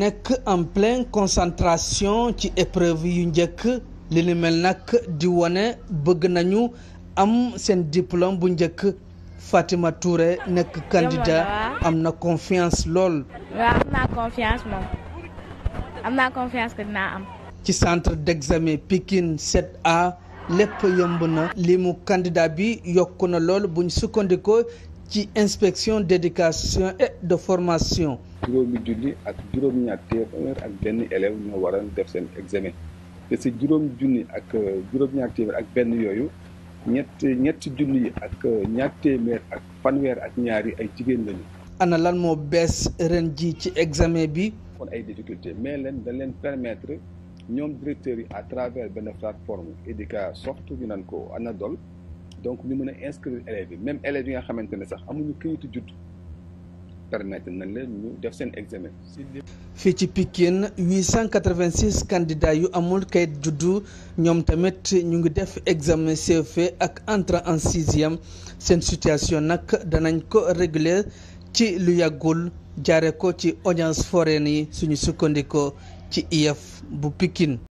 nekk en pleine concentration ci épreuve yu njëkk li ni mel nag di wone bëgg nañu am seen diplôme bu njëkk Fatima Touré nekk candidat am na confiance lool. waaw am naa confiance naa am. ci centre d'examen Pikine 7A lépp yomb na. li mu bi yokku na lool buñ sukkandikoo ci inspection d'éducation et de formation. juróomi junni ak juróom ñaar téeméer ak benn élève ñoo war a def seen examen te si juróom junni ak euh, juróom ñaar téeméer ak benn yooyu ñett ñetti junni yi ak euh, ñaar téeméer ak fanweer ak ñaari ay jigéen lañu. ana lan moo bees ren ji ci examen bi. fon ay difficulté mais leen dañ leen permettre ñoom directeurs yi à travers benn plateforme Educasoft ñu naan ko Anadol. donc ñu mën a inscrire élèves yi même élèves yi nga xamante ne sax amuñu këyitu judd permettre nañ leen ñu def seen examen. fii ci Pikine 886 candidats yu amul kayit juddu ñoom tamit ñu ngi def examen cf e ak entrée en sixième seen situation nag danañ ko réguler ci lu yàggul jaare ko ci audience foraine yi suñu sukkandikoo ci IEF bu Pikine.